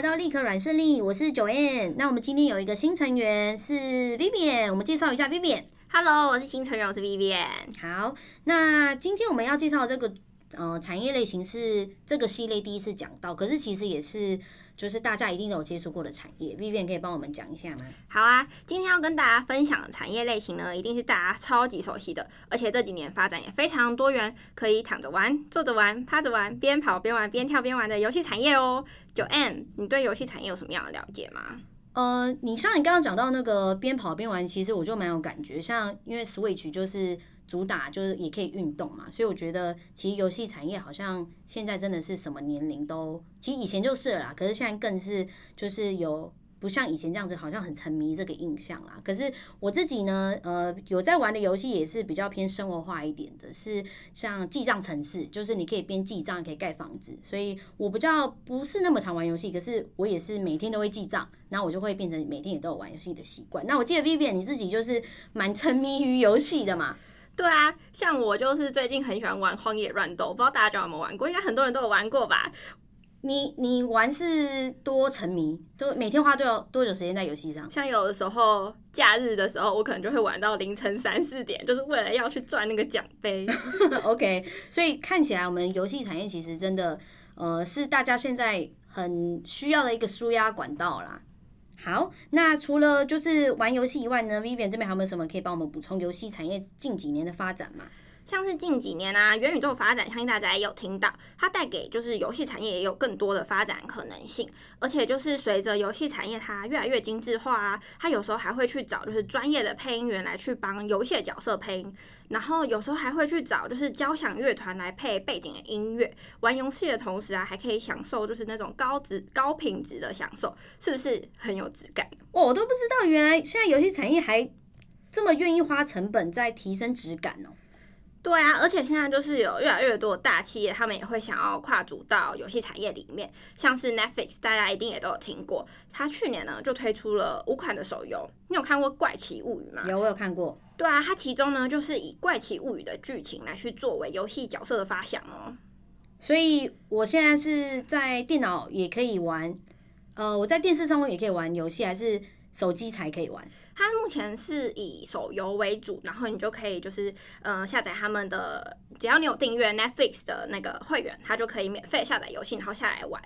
來到立可軟勢力，我是 Joanne。那我們今天有一個新成員是 Vivian，我們介紹一下 Vivian。Hello，我是新成員，我是 Vivian。好，那今天我們要介紹的這個呃產業類型是這個系列第一次講到，可是其實也是。就是大家一定都有接觸過的產業，B B 可以幫我們講一下嗎？好啊，今天要跟大家分享的產業類型呢，一定是大家超級熟悉的，而且這幾年發展也非常多元，可以躺着玩、坐着玩、趴着玩、邊跑邊玩、邊跳邊玩的遊戲產業哦。Joanne，你對遊戲產業有什麼樣的了解嗎？呃，你像你剛剛講到那個邊跑邊玩，其實我就蠻有感覺，像因為 Switch 就是。主打就是也可以運動嘛，所以我覺得其實遊戲產業好像現在真的是什麼年齡都，其實以前就是了啦，可是現在更是就是有不像以前這樣子好像很沉迷這個印象啦。可是我自己呢，呃，有在玩的遊戲也是比較偏生活化一點的，是像記賬城市，就是你可以邊記賬可以蓋房子，所以我比較不是那麼常玩遊戲，可是我也是每天都會記賬，然後我就會變成每天也都有玩遊戲的習慣。那我記得 Vivian 你自己就是蠻沉迷於遊戲的嘛。對啊，像我就是最近很喜歡玩《荒野亂鬥》，不知道大家知道有沒有玩過？應該很多人都有玩過吧？你你玩是多沉迷？都每天花多少多久時間在遊戲上？像有的時候假日的時候，我可能就會玩到凌晨三四點，就是為了要去賺那個獎杯。 OK，所以看起來我們遊戲產業其實真的，呃，是大家現在很需要的一個舒壓管道啦。好，那除了就是玩遊戲以外呢，Vivian 這邊還有沒有什麼可以幫我們補充遊戲產業近幾年的發展嘛？像是近幾年啊，元宇宙發展，相信大家也有聽到，它帶給就是遊戲產業也有更多的發展可能性。而且就是隨着遊戲產業它越來越精緻化啊，它有時候還會去找就是專業的配音員來去幫遊戲的角色配音，然後有時候還會去找就是交響樂團來配背景的音樂。玩遊戲的同時啊，還可以享受就是那種高質高品質的享受，是不是很有質感？我、哦、我都不知道，原來現在遊戲產業還這麼願意花成本在提升質感哦。對啊，而且現在就是有越來越多的大企業，他們也會想要跨足到遊戲產業裡面。像是 Netflix，大家一定也都有聽過，它去年呢就推出了五款的手遊。你有看過《怪奇物語》嗎？有，我有看過。對啊，它其中呢就是以《怪奇物語》的劇情來去作為遊戲角色的發想哦。所以我現在是在電腦也可以玩，呃，我在電視上也可以玩遊戲，還是手機才可以玩？它目前是以手遊為主，然後你就可以就是，嗯，下載他們的，只要你有訂閱 Netflix 的那個會員，它就可以免費下載遊戲，然後下來玩。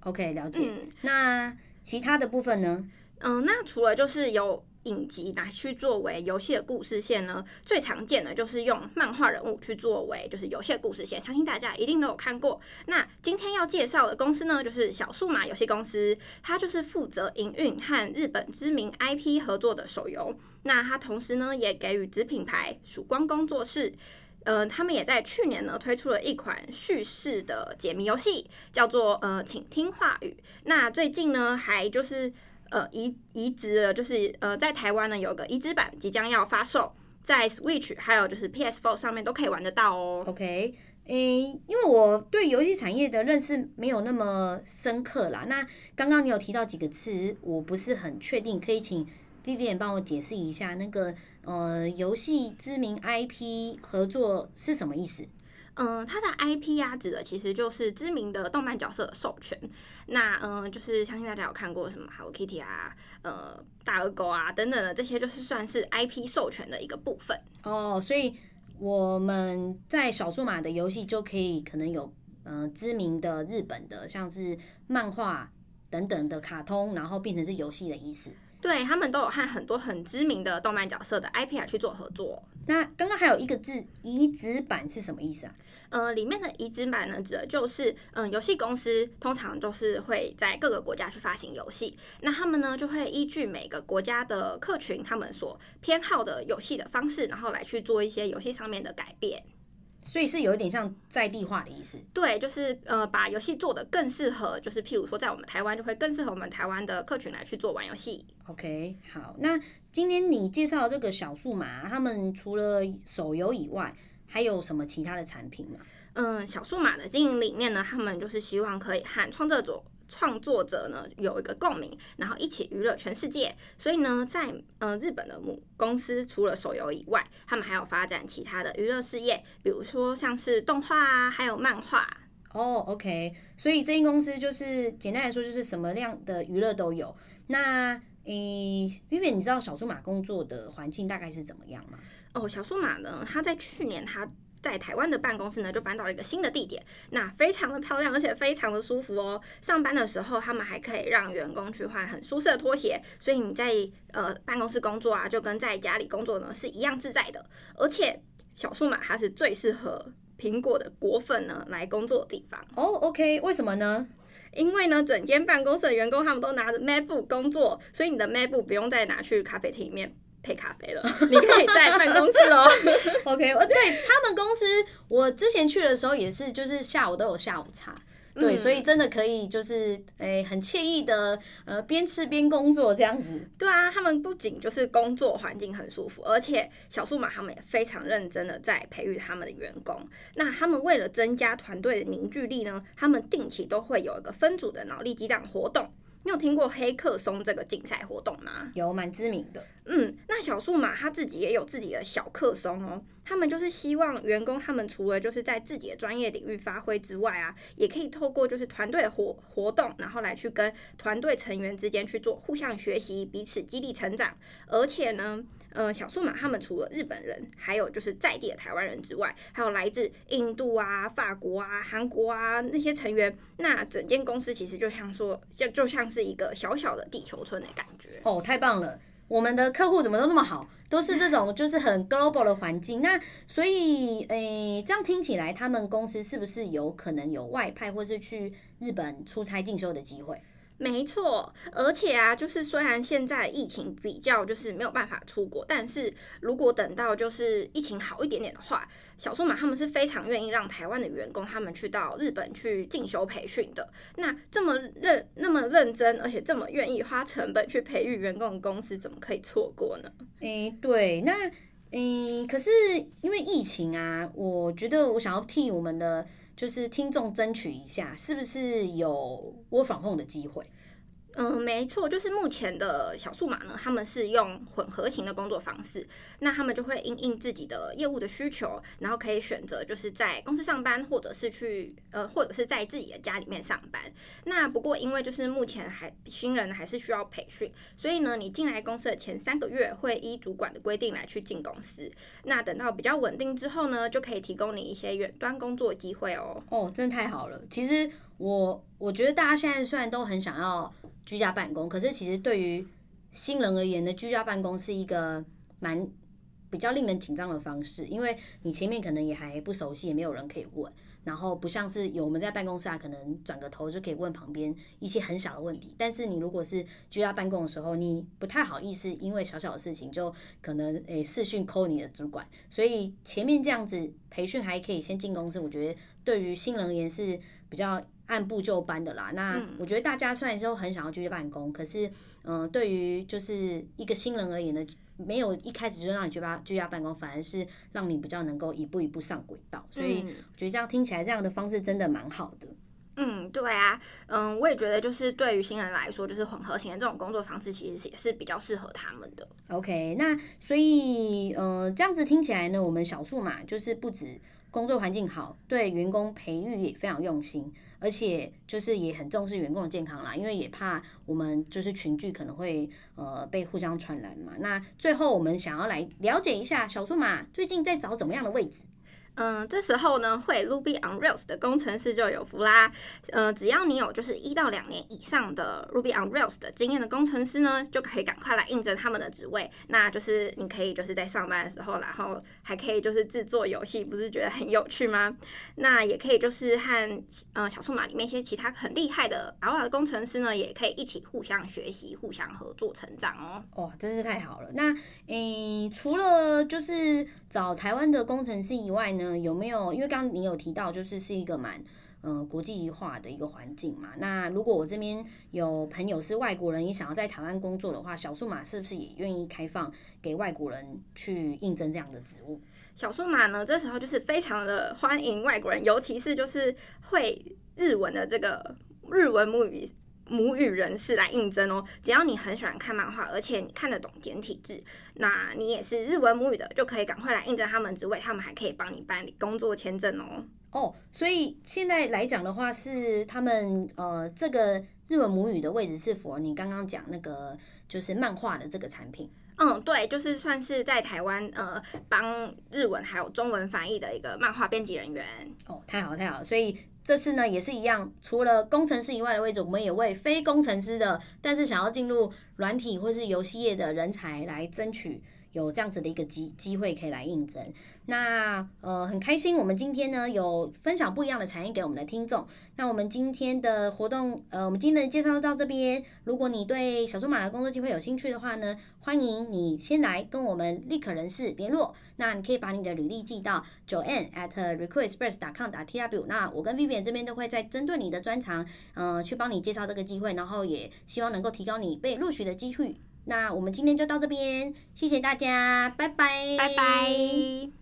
OK，了解，嗯。那其他的部分呢？嗯，那除了就是有。影集拿去作為遊戲的故事線呢？最常見的就是用漫畫人物去作為就是遊戲的故事線，相信大家一定都有看過。那今天要介紹的公司呢，就是小數碼遊戲公司，它就是負責營運和日本知名 IP 合作的手遊。那它同時呢，也給予子品牌曙光工作室，呃，他們也在去年呢推出了一款敘事的解謎遊戲，叫做呃，請聽話語。那最近呢，還就是。呃，移移植了，就是呃，在台灣呢有個移植版即將要發售，在 Switch 還有就是 PS4 上面都可以玩得到哦。OK，嗯、欸，因為我對遊戲產業的認識沒有那麼深刻啦。那剛剛你有提到幾個詞，我不是很確定，可以請 Vivian 幫我解釋一下那個呃，遊戲知名 IP 合作是什麼意思？嗯，他的 IP 啊，指的其實就是知名的動漫角色的授權。那嗯，就是相信大家有看過什麼 Hello Kitty 啊、呃、嗯、大耳狗啊等等的這些，就是算是 IP 授權的一個部分哦。Oh, 所以我們在小數碼的遊戲就可以可能有嗯、呃、知名的日本的像是漫畫等等的卡通，然後變成是遊戲的意思。對，他們都有和很多很知名的動漫角色的 IP 啊去做合作。那剛剛還有一個字，移植版是什麼意思啊？呃，裡面的移植版呢，指的就是，嗯，遊戲公司通常就是會在各個國家去發行遊戲，那他們呢，就會依據每個國家的客群，他們所偏好的遊戲的方式，然後來去做一些遊戲上面的改變。所以是有一點像在地化的意思，對，就是呃，把遊戲做得更適合，就是譬如說在我們台灣就會更適合我們台灣的客群來去做玩遊戲。OK，好，那今天你介紹這個小數碼，他們除了手遊以外，還有什麼其他的產品嗎？嗯，小數碼的經營理念呢，他們就是希望可以和創作者。創作者呢有一個共鳴，然後一起娛樂全世界。所以呢，在呃日本的母公司除了手遊以外，他們還有發展其他的娛樂事業，比如說像是動畫啊，還有漫畫。哦、oh,，OK。所以這間公司就是簡單來說，就是什麼樣的娛樂都有。那誒，因、呃、為你知道小數碼工作的環境大概是怎麼樣嗎？哦、oh,，小數碼呢，它在去年它，在台灣的辦公室呢，就搬到了一個新的地點，那非常的漂亮，而且非常的舒服哦。上班的時候，他們還可以讓員工去換很舒適的拖鞋，所以你在呃辦公室工作啊，就跟在家裡工作呢是一樣自在的。而且小數碼它是最適合蘋果的果粉呢來工作的地方哦。Oh, OK，為什麼呢？因為呢，整間辦公室的員工他們都拿着 MacBook 工作，所以你的 MacBook 不用再拿去咖啡廳裡面。配咖啡了， 你可以在辦公室哦。 OK，呃，對他們公司，我之前去的時候也是，就是下午都有下午茶，嗯。對，所以真的可以就是，誒、欸，很愜意的，呃，邊吃邊工作這樣子。對啊，他們不僅就是工作環境很舒服，而且小數碼他們也非常認真的在培育他們的員工。那他們為了增加團隊的凝聚力呢，他們定期都會有一個分組的腦力激盪活動。你有聽過黑客松這個競賽活動嗎？有，蠻知名的。嗯，那小數碼他自己也有自己的小客松哦，他們就是希望員工他們除了就是在自己的專業領域發揮之外啊，也可以透過就是團隊活活動，然後來去跟團隊成員之間去做互相學習，彼此激勵成長。而且呢，呃，小數碼他們除了日本人，還有就是在地的台灣人之外，還有來自印度啊、法國啊、韓國啊那些成員。那整間公司其實就像說，就就像是一個小小的地球村的感覺哦，太棒了。我們的客戶怎麼都那麼好，都是這種就是很 global 的環境，那所以誒，這樣聽起來他們公司是不是有可能有外派或是去日本出差進修的機會？沒錯，而且啊，就是雖然現在疫情比較就是沒有辦法出國，但是如果等到就是疫情好一點點的話，小數碼他們是非常願意讓台灣的員工他們去到日本去進修培訓的。那這麼認那麼認真，而且這麼願意花成本去培育員工的公司，怎麼可以錯過呢？誒、欸，對，那嗯、欸，可是因為疫情啊，我覺得我想要替我們的。就是聽眾爭取一下，是不是有我訪問的機會？嗯，沒錯，就是目前的小數碼呢，他們是用混合型的工作方式，那他們就會因應自己的業務的需求，然後可以選擇就是在公司上班，或者是去呃，或者是在自己的家裡面上班。那不過因為就是目前還新人還是需要培訓，所以呢，你進來公司的前三個月會依主管的規定來去進公司。那等到比較穩定之後呢，就可以提供你一些遠端工作機會哦。哦，真的太好了。其實我我覺得大家現在雖然都很想要。居家辦公，可是其實對於新人而言呢，居家辦公是一個蠻比較令人緊張的方式，因為你前面可能也還不熟悉，也沒有人可以問，然後不像是有我們在辦公室啊，可能轉個頭就可以問旁邊一些很小的問題。但是你如果是居家辦公的時候，你不太好意思，因為小小的事情就可能誒視訊 call 你的主管，所以前面這樣子培訓還可以先進公司，我覺得對於新人而言是比較。按部就班的啦，那我覺得大家雖然說很想要居家辦公，嗯、可是，嗯，對於就是一個新人而言呢，沒有一開始就讓你去家居家辦公，反而是讓你比較能夠一步一步上軌道，所以我覺得這樣聽起來這樣的方式真的蠻好的。嗯，對啊，嗯，我也覺得就是對於新人來說，就是混合型的這種工作方式，其實也是比較適合他們的。OK，那所以，嗯、呃，這樣子聽起來呢，我們小數碼就是不止工作環境好，對員工培育也非常用心，而且就是也很重視員工的健康啦，因為也怕我們就是群聚可能會呃被互相傳染嘛。那最後，我們想要來了解一下小數碼最近在找怎麼樣的位置。嗯、呃，這時候呢，會 Ruby on Rails 的工程師就有福啦。嗯、呃，只要你有就是一到兩年以上的 Ruby on Rails 的經驗的工程師呢，就可以趕快來應徵他們的職位。那就是你可以就是在上班的時候，然後還可以就是製作遊戲，不是覺得很有趣嗎？那也可以就是和呃小數碼裡面一些其他很厲害的 R 碼的工程師呢，也可以一起互相學習、互相合作成長哦。哦，真是太好了！那嗯，除了就是找台灣的工程師以外呢？嗯，有沒有？因為剛剛你有提到，就是是一個蠻嗯、呃、國際化的一個環境嘛。那如果我這邊有朋友是外國人，也想要在台灣工作的話，小數碼是不是也願意開放給外國人去應徵這樣的職務？小數碼呢，這時候就是非常的歡迎外國人，尤其是就是會日文的這個日文母語。母語人士來應徵哦，只要你很喜歡看漫畫，而且你看得懂簡體字，那你也是日文母語的，就可以趕快來應徵他們職位，他們還可以幫你辦理工作簽證哦。哦，所以現在來講的話，是他們呃這個日文母語的位置是否你剛剛講那個，就是漫畫的這個產品。嗯，對，就是算是在台灣呃幫日文還有中文翻譯的一個漫畫編輯人員。哦，太好了，太好了，所以。這次呢也是一樣，除了工程師以外的位置，我們也為非工程師的，但是想要進入軟體或是遊戲業的人才來爭取。有這樣子的一個機機會可以來應徵，那呃很開心，我們今天呢有分享不一樣的產業給我們的聽眾。那我們今天的活動，呃，我們今天的介紹到這邊。如果你對小數碼的工作機會有興趣的話呢，歡迎你先來跟我們立可人事聯絡。那你可以把你的履歷寄到 joanne at recruitexpress dot com. dot tw。那我跟 Vivian 這邊都會在針對你的專長，呃，去幫你介紹這個機會，然後也希望能夠提高你被錄取的機會。那我們今天就到這邊，謝謝大家，拜拜，拜拜。